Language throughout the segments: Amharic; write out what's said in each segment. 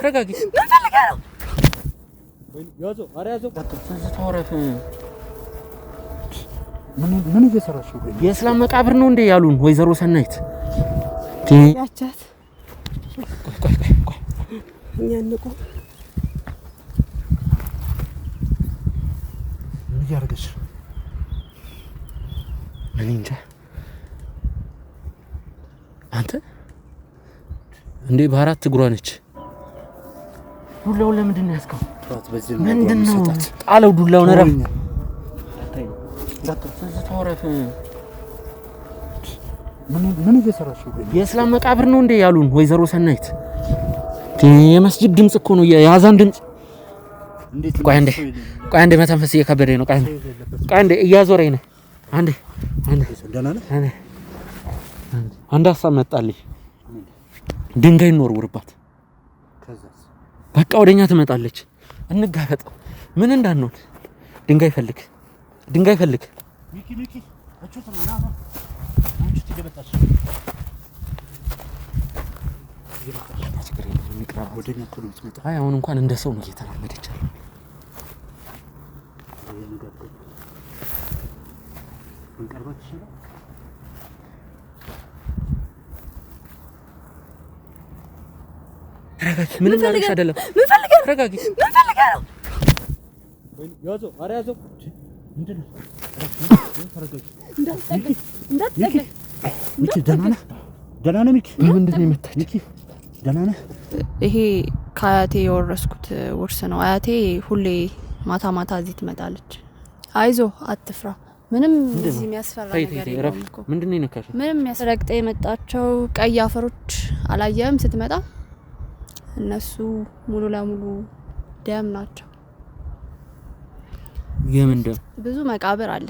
ተረጋጊ። ምን ፈልገህ ነው? ምን ነው? የእስላም መቃብር ነው እንዴ ያሉን ወይዘሮ ሰናይት ያቻት ምን እያደረገች ነው? እኔ እንጃ። አንተ እንዴ በአራት እግሯ ነች። ዱላውን ለምንድን ነው ያዝከው? ምንድን ነው ጣለው? ዱላውን እረፍ። ምን እየሰራሽ? የእስላም መቃብር ነው እንዴ ያሉን ወይዘሮ ሰናይት? የመስጂድ ድምጽ እኮ ነው፣ የአዛን ድምፅ። ቆይ አንዴ፣ ቆይ አንዴ፣ መተንፈስ እየከበደኝ ነው። ቆይ አንዴ፣ እያዞረኝ ነው። አንዴ፣ አንድ ሀሳብ መጣልኝ። ድንጋይ እንወርውርባት በቃ ወደኛ ትመጣለች። እንጋፈጠው። ምን እንዳንሆን። ድንጋይ ፈልግ፣ ድንጋይ ፈልግ። አሁን እንኳን እንደ ሰው ነው እየተራመደች ያለው ተረጋጊ። ምንም አይደለም። ምን ፈልገህ ተረጋጊ። ምን ፈልገህ ነው? ይሄ ከአያቴ የወረስኩት ውርስ ነው። አያቴ ሁሌ ማታ ማታ እዚህ ትመጣለች። አይዞ አትፍራ። ምንም እዚህ የሚያስፈራ ነገር የለም እኮ ምንም የሚያስረግጠ የመጣቸው ቀይ አፈሮች አላየህም ስትመጣ እነሱ ሙሉ ለሙሉ ደም ናቸው። የምን ደም? ብዙ መቃብር አለ።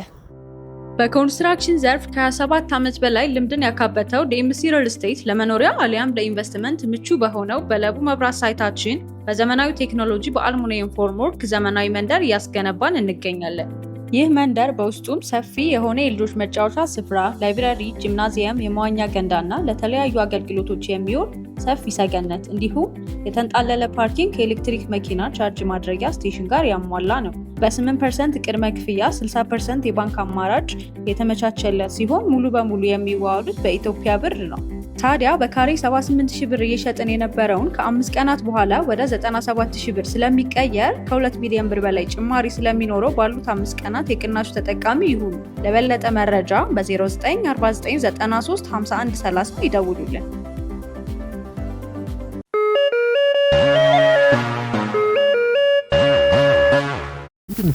በኮንስትራክሽን ዘርፍ ከ27 ዓመት በላይ ልምድን ያካበተው ዴምሲ ሪል ስቴት ለመኖሪያ አሊያም ለኢንቨስትመንት ምቹ በሆነው በለቡ መብራት ሳይታችን በዘመናዊ ቴክኖሎጂ በአልሙኒየም ፎርምወርክ ዘመናዊ መንደር እያስገነባን እንገኛለን። ይህ መንደር በውስጡም ሰፊ የሆነ የልጆች መጫወቻ ስፍራ፣ ላይብራሪ፣ ጂምናዚየም፣ የመዋኛ ገንዳ እና ለተለያዩ አገልግሎቶች የሚውል ሰፊ ሰገነት እንዲሁም የተንጣለለ ፓርኪንግ ከኤሌክትሪክ መኪና ቻርጅ ማድረጊያ ስቴሽን ጋር ያሟላ ነው። በ8 ፐርሰንት ቅድመ ክፍያ 60 ፐርሰንት የባንክ አማራጭ የተመቻቸለት ሲሆን ሙሉ በሙሉ የሚዋሉት በኢትዮጵያ ብር ነው። ታዲያ በካሬ 78000 ብር እየሸጥን የነበረውን ከአምስት ቀናት በኋላ ወደ 97000 ብር ስለሚቀየር ከ2 ሚሊዮን ብር በላይ ጭማሪ ስለሚኖረው ባሉት አምስት ቀናት የቅናሹ ተጠቃሚ ይሁኑ። ለበለጠ መረጃ በ0949935130 ይደውሉልን።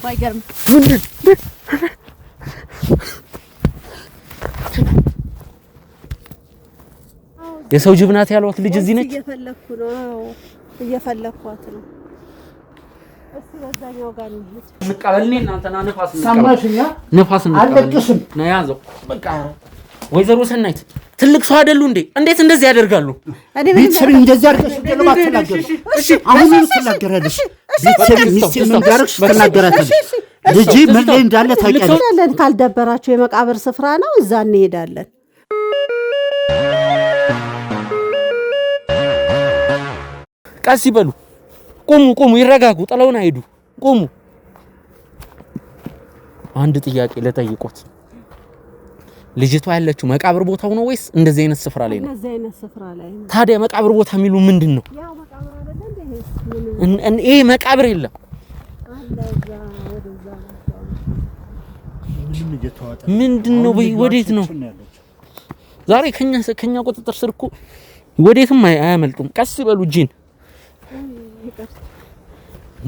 ባይገርም የሰው ጅብ ናት ያሏት ልጅ እዚህ ነች። እየፈለኩ ነው እየፈለኳት ነው። እስቲ በዛኛው ጋር እንቀበል ነፋስ ሰማሽኛ? ነፋስ ነው ያዘው። በቃ ወይዘሮ ሰናይት ትልቅ ሰው አይደሉ እንዴ? እንዴት እንደዚህ ያደርጋሉ? ቤተሰብ እንደዚህ አድርገሽ አሁን ምን ቤተሰብ ምን ልጅ ምን ላይ እንዳለ ታውቂያለሽ። ካልደበራችሁ የመቃብር ስፍራ ነው፣ እዛ እንሄዳለን ቀስ ይበሉ። ቁሙ፣ ቁሙ፣ ይረጋጉ። ጥለውን አይሄዱ። ቁሙ። አንድ ጥያቄ ለጠይቆት ልጅቷ ያለችው መቃብር ቦታው ነው ወይስ እንደዚህ አይነት ስፍራ ላይ ነው? ታዲያ መቃብር ቦታ የሚሉ ምንድን ነው? ይሄ መቃብር የለም። ምንድን ነው? ወዴት ነው? ዛሬ ከኛ ቁጥጥር ስር እኮ ወዴትም አያመልጡም። ቀስ ይበሉ ጂን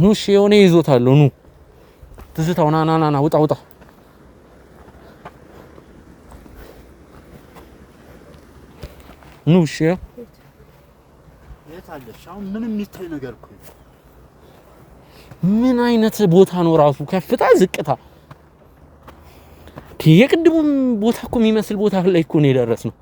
ኑ እሺ፣ የሆነ ይዞታለሁ። ኑ ትዝታው ና ና ና ና፣ ውጣ ውጣ። ኑ እሺ፣ የት አለሽ? አሁን ምንም የሚታይ ነገር እኮ ምን አይነት ቦታ ነው ራሱ? ከፍታ ዝቅታ፣ የቅድሙም ቦታ እኮ የሚመስል ቦታ ላይ እኮ ነው የደረስነው።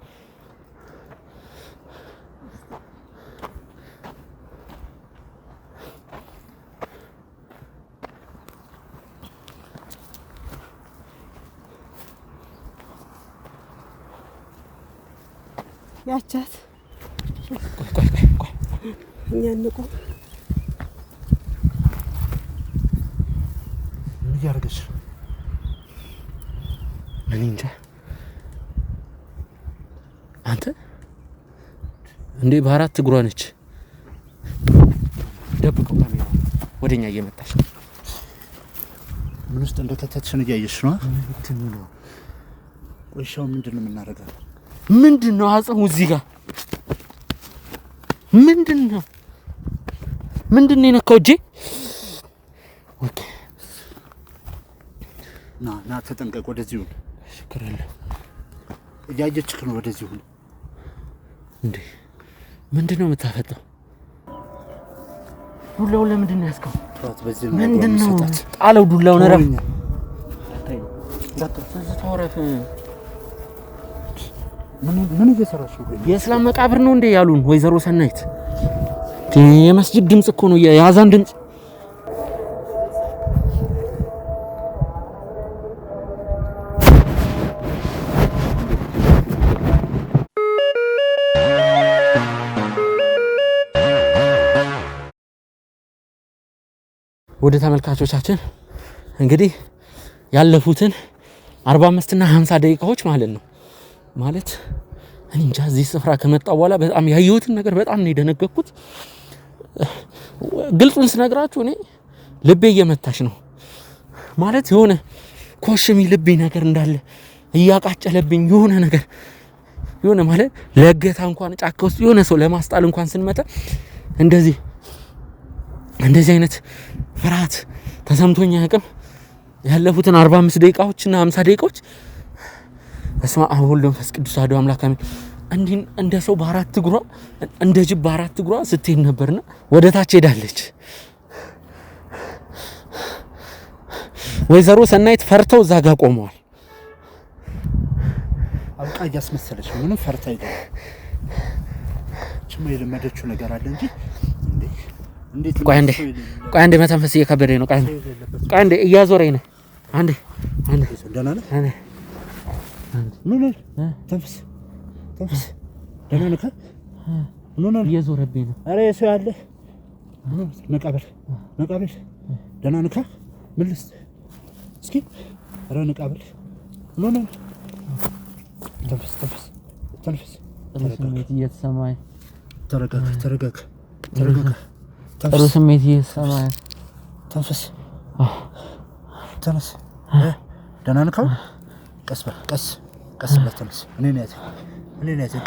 ያቻት እኛንቁ ምን እያደረገች ነው? እኔ እንጃ። አንተ እንዴ በአራት እግሯ ነች። ደብቀው ካሜራ ወደ እኛ እየመጣች ምን ውስጥ እንደከተትሽን እያየሽ ነው። ምንድን ነው ቆሻው? ምንድን ነው የምናደርገው? ምንድን ነው አጽሙ? እዚህ ጋር ምንድን ነው ምንድን ነው የነካው? እጄ ና ና፣ ተጠንቀቅ። ወደዚህ ሁን። ሽክራለሁ። እያየችክ ነው። ወደዚህ ሁን። እንዴ ምንድን ነው የምታፈጣው? ዱላው ለምንድን ነው ያዝከው? ምንድን ነው ጣለው ዱላውን። እረፍ ምን የእስላም መቃብር ነው እንዴ ያሉን ወይዘሮ ሰናይት? የመስጂድ ድምፅ እኮ ነው፣ የአዛን ድምፅ። ወደ ተመልካቾቻችን እንግዲህ ያለፉትን 45 እና 50 ደቂቃዎች ማለት ነው ማለት እንጃ እዚህ ስፍራ ከመጣ በኋላ በጣም ያየሁትን ነገር በጣም ነው የደነገኩት። ግልጹን ስነግራችሁ እኔ ልቤ እየመታች ነው ማለት የሆነ ኮሽሚ ልቤ ነገር እንዳለ እያቃጨለብኝ የሆነ ነገር የሆነ ማለት ለገታ እንኳን ጫካ ውስጥ የሆነ ሰው ለማስጣል እንኳን ስንመጣ እንደዚህ እንደዚህ አይነት ፍርሃት ተሰምቶኛ አቅም ያለፉትን 45 ደቂቃዎችና 50 ደቂቃዎች በስመ አብ ወወልድ ወመንፈስ ቅዱስ አሐዱ አምላክ አሜን። እንዲህ እንደ ሰው በአራት እግሯ እንደ ጅብ በአራት እግሯ ስትሄድ ነበርና ወደ ታች ሄዳለች። ወይዘሮ ሰናይት ፈርተው እዛ ጋር ቆመዋል። አውቃ እያስመሰለች ምንም ፈርታ ይደ ጭማ የለመደችው ነገር አለ እንጂ ቆይ አንዴ ቆይ አንዴ መተንፈስ እየከበደኝ ነው። ቆይ አንዴ እያዞረኝ ነው። አንዴ አንዴ ደህና ነህ? እየዞረብኝ ነው። ኧረ ሰው ያለ ነቃ በል ነቃ በል ደህና ንካ ምልስ እስኪ ኧረ ነቃ በል ተንፍስ ተንፍስ ተንፍስ። ጥሩ ስሜት እየተሰማኝ ተረጋጋ ተንፍስ ተንፍስ። ደህና ነካው። ቀስ በል ቀስ ቀስ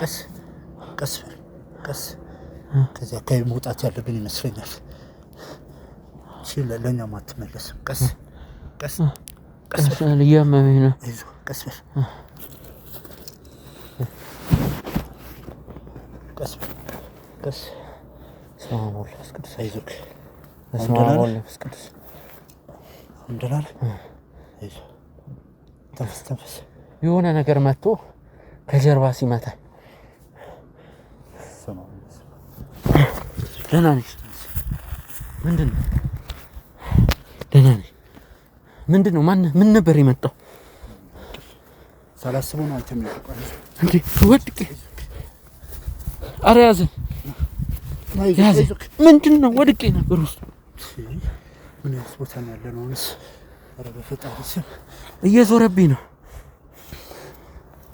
ቀስ ቀስ ቀስ ከዚህ አካባቢ መውጣት ያለብን ይመስለኛል። እሺ ለእኛም አትመለስም። ቀስ ቀስ ቀስ እያመመኝ ነው። አይዞህ ቀስ በል ቀስ ቀስ አይዞህ አይዞህ ተንፈስ ተንፈስ የሆነ ነገር መጥቶ ከጀርባ ሲመታ ደህና ነሽ? ምንድን ነው? ደህና ነሽ? ምንድን ነው? ማን ምን ነበር የመጣው? ሳላስበው ነው። አንተ እንዴ? ወድቄ ኧረ ያዘኝ፣ ያዘኝ። ምንድን ነው? ወድቄ ነበር ውስጥ ምን ያስቦታል ያለ ነው። አረ በፈጣሪ እየዞረብኝ ነው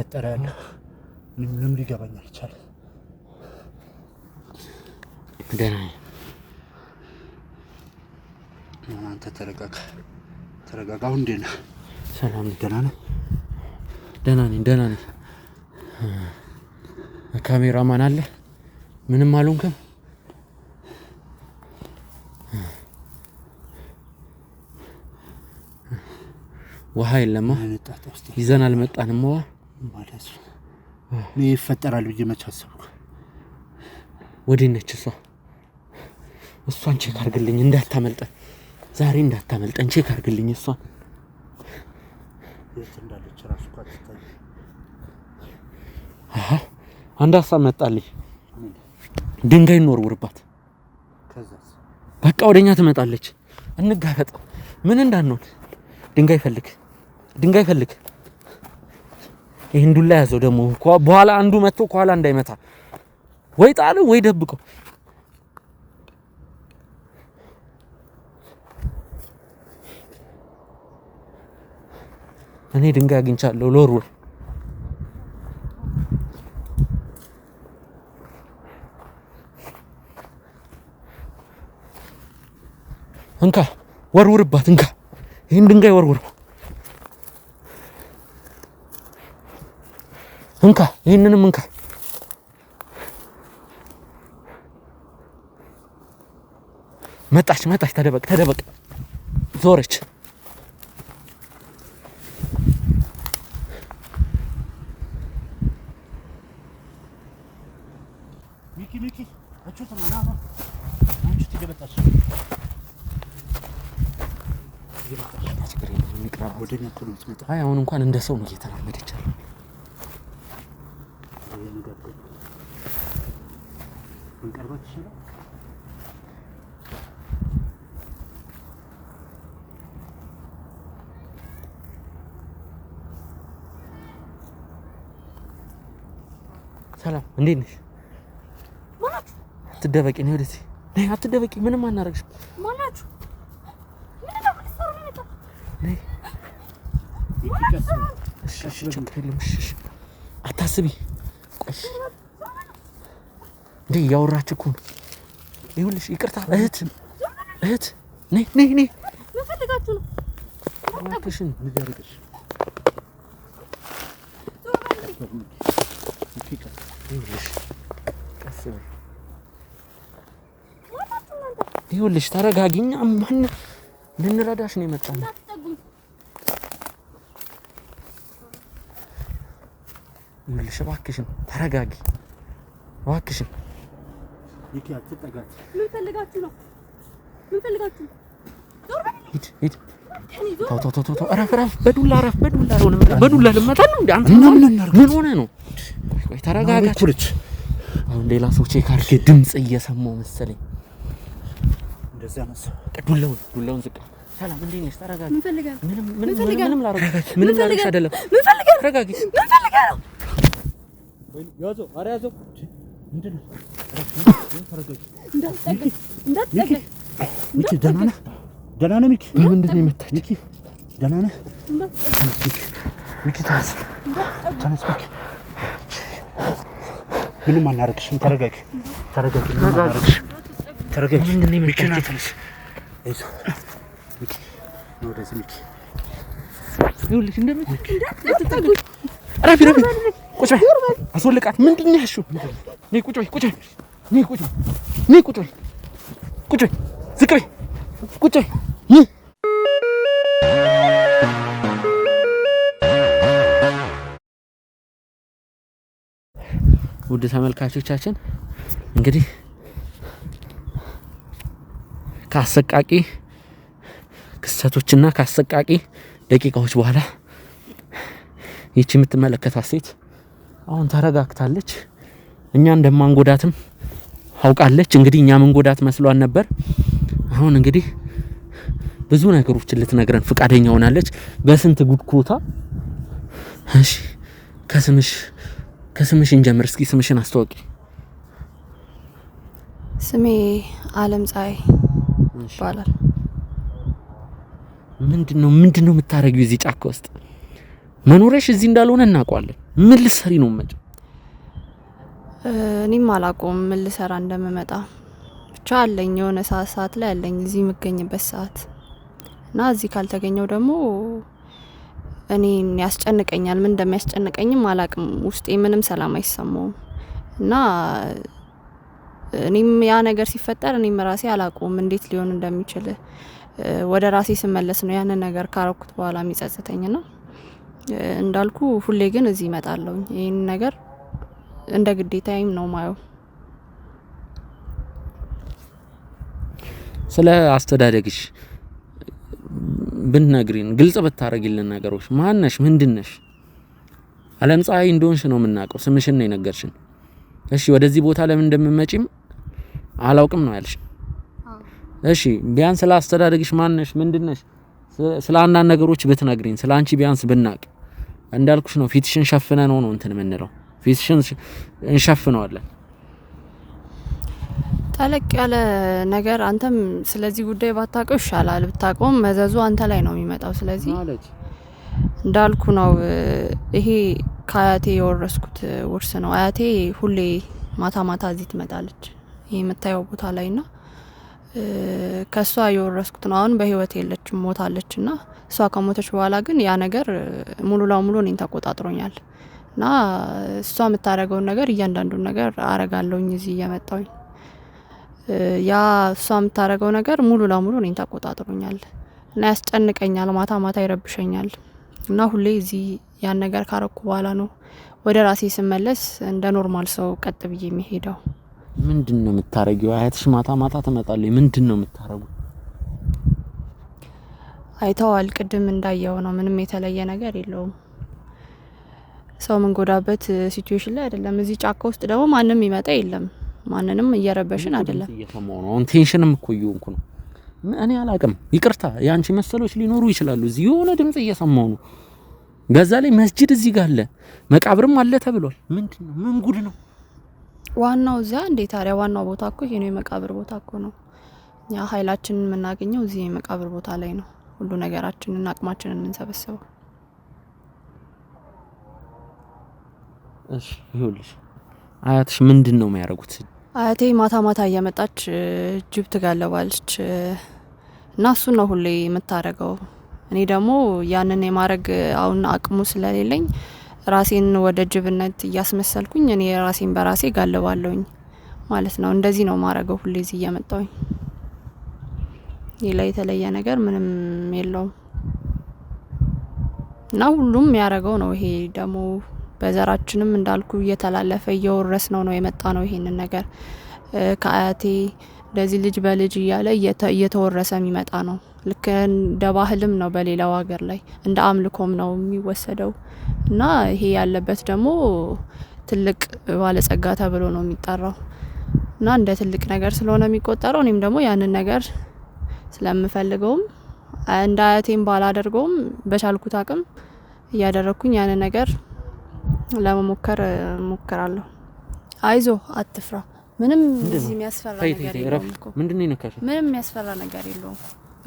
እየተፈጠረ ያለው ምንም ሊገባኝ አልቻለም። ደህና አንተ ተረጋጋ፣ ተረጋጋ። አሁን እንዴት ነህ? ሰላም ደህና ነህ? ደህና ነኝ፣ ደህና ነኝ። ካሜራማን አለ? ምንም አልሆንክም? ውሃ የለማ? ይዘን አልመጣንም ውሃ ማለት ነው ይፈጠራል ብዬ መች አሰብኩ። ወዴት ነች እሷ? እሷን ቼክ አርግልኝ፣ እንዳታመልጠን ዛሬ እንዳታመልጠን፣ ቼክ አርግልኝ እሷን አንድ ሀሳብ መጣልኝ። ድንጋይ እንወርውርባት፣ በቃ ወደኛ ትመጣለች። ምን እንዳንሆን። ድንጋይ ፈልግ፣ ድንጋይ ፈልግ። ይሄን ዱላ ያዘው ደግሞ በኋላ አንዱ መጥቶ ከኋላ እንዳይመታ ወይ ጣለው ወይ ደብቀው። እኔ ድንጋይ አግኝቻለሁ ሎሩ እንካ ወርውርባት እንካ ይህን ድንጋይ ወርውርባት። እንካ፣ ይህንንም እንካ። መጣች፣ መጣች። ተደበቅ፣ ተደበቅ። ዞረች። አሁን እንኳን እንደ ሰው ነው እየተራመደች ያለው። ይችላል። ሰላም እንዴት ነሽ? ማናችሁ? አትደበቂ ነው ወደዚህ ነይ። አትደበቂ፣ ምንም አናረግሽም። ማናችሁ? አታስቢ፣ ቆይ እንዴ እያወራች እኮ ነው። ይኸውልሽ ይቅርታ እህት እህት ነይ ነይ ነይ ይኸውልሽ ተረጋግኛ ማን ልንረዳሽ ነው የመጣነው? ይኸውልሽ እባክሽን ተረጋጊ እባክሽን ይሄ አትጠጋት። ምን ፈልጋችሁ ነው? ምን ፈልጋችሁ ዞር በል። ሂድ ሂድ። ተው ተው ተው ተው። እረፍ እረፍ። በዱላ እረፍ። በዱላ አልሆነም። በዱላ ልመታ ነው እንዴ? አንተ ምን ሆነህ ነው? ወይ ተረጋጋ። አሁን ሌላ ሰው ቼክ አድርጌ ድምፅ እየሰማሁ መሰለኝ። እንደዚያ ነው። ዱላውን ዱላውን ዝቅ ሰላም፣ እንዴት ነሽ? ተረጋጊ። ምን ፈልገህ ነው? ምንም ምንም ምንም አይደለም። ምን ፈልገህ ተረጋጊ። ምን ፈልገህ ነው? ያዘው፣ ኧረ ያዘው። ምንድን ነው ደህና ነህ ሚኪ? በምንድን ነው የመታች? ሚኪ ደህና ነህ? ሚኪ ተነስ፣ ተነስ ሚኪ። ምንም አናደርግሽም። ተረጋጊ፣ ተረጋጊ፣ ተረጋጊ። ሚኪና ተነስ፣ ወደዚህ ሚኪ። ይኸውልሽ እንደምት ረፊ ረፊ ቁጭ በይ፣ አስወልቃት። ምንድን ነው ያልሺው? ቁጭ በይ፣ ቁጭ በይ ነይ ቁጭ ነይ ቁጭ ቁጭ ዝቅ በይ ቁጭ ነይ ውድ ተመልካቾቻችን እንግዲህ ከአሰቃቂ ክስተቶችና ከአሰቃቂ ደቂቃዎች በኋላ ይቺ የምትመለከታት ሴት አሁን ተረጋግታለች። እኛ እንደማንጎዳትም አውቃለች። እንግዲህ እኛ ምን ጎዳት መስሏን ነበር። አሁን እንግዲህ ብዙ ነገሮች ልትነግረን ፍቃደኛ ሆናለች። በስንት ጉድኮታ። እሺ ከስምሽ ከስምሽ እንጀምር እስኪ ስምሽን አስተዋውቂ። ስሜ አለም ፀሐይ ይባላል። ምንድነው ምንድነው የምታረጊው እዚህ ጫካ ውስጥ? መኖሪያሽ እዚህ እንዳልሆነ እናውቀዋለን። ምን ልትሰሪ ነው መጪው? እኔም አላቁም ምን ልሰራ እንደምመጣ ብቻ አለኝ የሆነ ሰዓት ሰዓት ላይ አለኝ እዚህ የምገኝበት ሰዓት እና እዚህ ካልተገኘው ደግሞ እኔን ያስጨንቀኛል። ምን እንደሚያስጨንቀኝም አላቅም። ውስጤ ምንም ሰላም አይሰማውም እና እኔም ያ ነገር ሲፈጠር እኔም ራሴ አላቁም እንዴት ሊሆን እንደሚችል ወደ ራሴ ስመለስ ነው ያንን ነገር ካረኩት በኋላ የሚጸጽተኝ ና እንዳልኩ ሁሌ ግን እዚህ ይመጣለሁ ይህን ነገር እንደ ግዴታዬም ነው ማየው። ስለ አስተዳደግሽ ብትነግሪን፣ ግልጽ ብታረጊልን ነገሮች ማነሽ? ምንድነሽ? አለም ፀሐይ እንደሆንሽ ነው የምናውቀው። ስምሽን ነው የነገርሽን። እሺ ወደዚህ ቦታ ለምን እንደምመጪም አላውቅም ነው ያልሽ። እሺ ቢያንስ ስለ አስተዳደግሽ ማነሽ? ምንድነሽ? ስለ አንዳንድ ነገሮች ብትነግሪን፣ ስለ አንቺ ቢያንስ ብናቅ። እንዳልኩሽ ነው ፊትሽን ሸፍነን ነው ነው እንትን የምንለው ፊትሽን እንሸፍነዋለን። ጠለቅ ያለ ነገር አንተም ስለዚህ ጉዳይ ባታውቀው ይሻላል። ብታውቀውም መዘዙ አንተ ላይ ነው የሚመጣው። ስለዚህ እንዳልኩ ነው። ይሄ ከአያቴ የወረስኩት ውርስ ነው። አያቴ ሁሌ ማታ ማታ እዚህ ትመጣለች፣ ይሄ የምታየው ቦታ ላይ ና ከእሷ የወረስኩት ነው። አሁን በህይወት የለችም ሞታለች። ና እሷ ከሞተች በኋላ ግን ያ ነገር ሙሉ ለሙሉ እኔን ተቆጣጥሮኛል። እና እሷ የምታደርገውን ነገር እያንዳንዱን ነገር አረጋለውኝ እዚህ እየመጣውኝ ያ እሷ የምታደርገው ነገር ሙሉ ለሙሉ እኔን ተቆጣጥሮኛል እና ያስጨንቀኛል። ማታ ማታ ይረብሸኛል እና ሁሌ እዚህ ያን ነገር ካረኩ በኋላ ነው ወደ ራሴ ስመለስ እንደ ኖርማል ሰው ቀጥ ብዬ የሚሄደው። ምንድን ነው የምታረጊው? አያትሽ ማታ ማታ ትመጣለች። ምንድን ነው የምታረጉ? አይተዋል። ቅድም እንዳየው ነው። ምንም የተለየ ነገር የለውም። ሰው የምንጎዳበት ሲትዌሽን ላይ አይደለም። እዚህ ጫካ ውስጥ ደግሞ ማንም ይመጣ የለም። ማንንም እየረበሽን አይደለም። አሁን ቴንሽንም እኮ እየሆንኩ ነው። እኔ አላቅም። ይቅርታ የአንቺ መሰሎች ሊኖሩ ይችላሉ። እዚህ የሆነ ድምጽ እየሰማው ነው። በዛ ላይ መስጂድ እዚህ ጋር አለ፣ መቃብርም አለ ተብሏል። ምንድን ነው? ምን ጉድ ነው? ዋናው እዚያ እንዴ! ታዲያ ዋናው ቦታ እኮ ይሄ ነው፣ የመቃብር ቦታ እኮ ነው። እኛ ኃይላችንን የምናገኘው እዚህ የመቃብር ቦታ ላይ ነው። ሁሉ ነገራችንን አቅማችንን እንሰበስበው እሺ ይኸውልሽ አያትሽ ምንድን ነው የሚያደርጉት? አያቴ ማታ ማታ እየመጣች ጅብ ትጋለባለች እና እሱን ነው ሁሌ የምታደርገው። እኔ ደግሞ ያንን የማድረግ አሁን አቅሙ ስለሌለኝ ራሴን ወደ ጅብነት እያስመሰልኩኝ እኔ ራሴን በራሴ ጋለባለሁኝ ማለት ነው። እንደዚህ ነው ማድረገው ሁሌ እዚህ እየመጣውኝ። ሌላ የተለየ ነገር ምንም የለውም እና ሁሉም ያደረገው ነው። ይሄ ደግሞ በዘራችንም እንዳልኩ እየተላለፈ እየወረስ ነው ነው የመጣ ነው። ይሄንን ነገር ከአያቴ እንደዚህ ልጅ በልጅ እያለ እየተወረሰ የሚመጣ ነው። ልክ እንደ ባህልም ነው በሌላው ሀገር ላይ እንደ አምልኮም ነው የሚወሰደው እና ይሄ ያለበት ደግሞ ትልቅ ባለጸጋ ተብሎ ነው የሚጠራው እና እንደ ትልቅ ነገር ስለሆነ የሚቆጠረው እኔም ደግሞ ያንን ነገር ስለምፈልገውም እንደ አያቴም ባላደርገውም በቻልኩት አቅም እያደረግኩኝ ያንን ነገር ለመሞከር ሞክራለሁ። አይዞ አትፍራ። ምንም እዚህ የሚያስፈራ ነገር የለውም። ምንድን ነካሽ? ምንም የሚያስፈራ ነገር የለውም።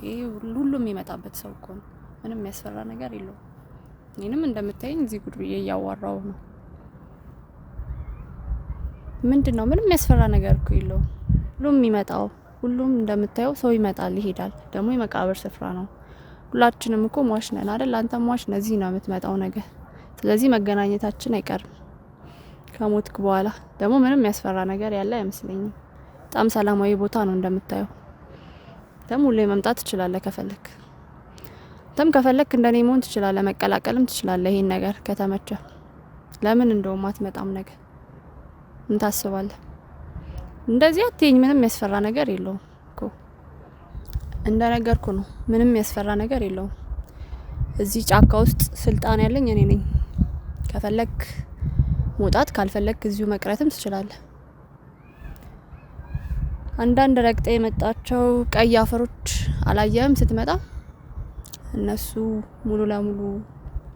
ይህ ሁሉም የሚመጣበት ሰው እኮ ነው። ምንም የሚያስፈራ ነገር የለውም። እኔንም እንደምታየኝ እዚህ ጉድ ብዬ እያዋራው ነው። ምንድን ነው? ምንም የሚያስፈራ ነገር እኮ የለውም። ሁሉም የሚመጣው ሁሉም እንደምታየው ሰው ይመጣል ይሄዳል። ደግሞ የመቃብር ስፍራ ነው። ሁላችንም እኮ ሟች ነን አይደል? አንተም ነህ። እዚህ ነው የምትመጣው ነገር ስለዚህ መገናኘታችን አይቀርም። ከሞትክ በኋላ ደግሞ ምንም የሚያስፈራ ነገር ያለ አይመስለኝም። በጣም ሰላማዊ ቦታ ነው እንደምታየው። ደግሞ ሁሌ መምጣት ትችላለህ ከፈለክ። ተም ከፈለክ እንደኔ መሆን ትችላለ መቀላቀልም ትችላለ ይሄን ነገር ከተመቸ ለምን እንደውም አትመጣም? ነገር ምን ታስባለህ? እንደዚህ አትይኝ። ምንም የሚያስፈራ ነገር የለውም እኮ እንደነገርኩ ነው። ምንም የሚያስፈራ ነገር የለውም። እዚህ ጫካ ውስጥ ስልጣን ያለኝ እኔ ነኝ። ከፈለግ መውጣት ካልፈለግ እዚሁ መቅረትም ትችላለ። አንዳንድ ረግጤ የመጣቸው ቀይ አፈሮች አላየም ስትመጣ? እነሱ ሙሉ ለሙሉ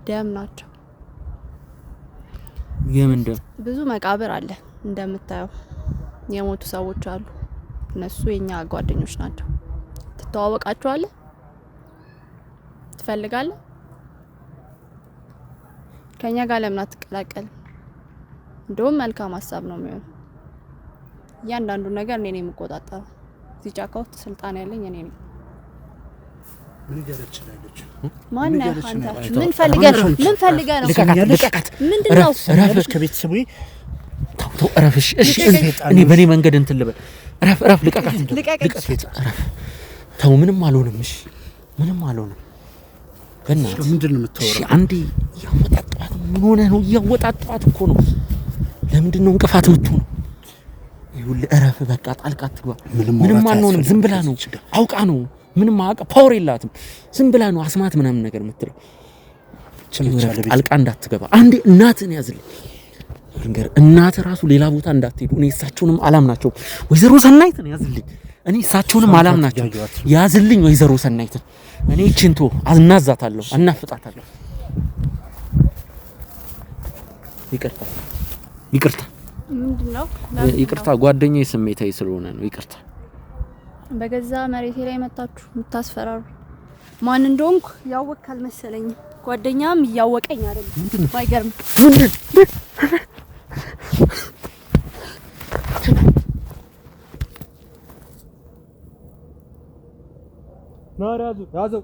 ደም ናቸው። የምን ደም? ብዙ መቃብር አለ እንደምታየው፣ የሞቱ ሰዎች አሉ። እነሱ የኛ ጓደኞች ናቸው። ትተዋወቃቸዋለህ? ትፈልጋለህ? ከኛ ጋር ለምን አትቀላቀል? እንደውም መልካም ሀሳብ ነው የሚሆን። እያንዳንዱ ነገር እኔ ነው የምቆጣጠረው። እዚህ ጫካ ውስጥ ስልጣን ያለኝ እኔ ነኝ። ነው ያለችው? ከቤተሰቡ ተው በእኔ መንገድ እንትን ልበል። እረፍ፣ እረፍ፣ ልቀቃት፣ እረፍ። ተው፣ ምንም አልሆንም። እሺ፣ ምንም አልሆንም። በእናትህ ምንድን ነው የምታወራው? አንዴ ያመጣ እንቅፋት ምን ሆነ ነው? እያወጣጣት እኮ ነው። ለምንድን ነው እንቅፋት ምቱ ነው? ይኸውልህ እረፍ፣ በቃ ጣልቃ አትግባ። ምንም አንሆንም። ዝም ብላ ነው አውቃ ነው። ምንም አውቃ ፓወር የላትም። ዝም ብላ ነው አስማት ምናምን ነገር የምትለው። ጣልቃ እንዳትገባ። አንዴ እናትህን ያዝልኝ ንገር እናት ራሱ ሌላ ቦታ እንዳትሄዱ። እኔ እሳቸውንም አላምናቸውም። ወይዘሮ ሰናይትን ያዝልኝ። እኔ እሳቸውንም ናቸው። ያዝልኝ። ወይዘሮ ሰናይትን እኔ ችንቶ አናዛታለሁ፣ አናፍጣታለሁ። ይቅርታ ይቅርታ ይቅርታ ጓደኛ ስሜታዊ ስለሆነ ነው። ይቅርታ። በገዛ መሬቴ ላይ መጣችሁ የምታስፈራሩ ማን እንደሆንኩ ያወቅ አልመሰለኝም። ጓደኛም እያወቀኝ አይደለም። ባይገርም ያዘው ያዘው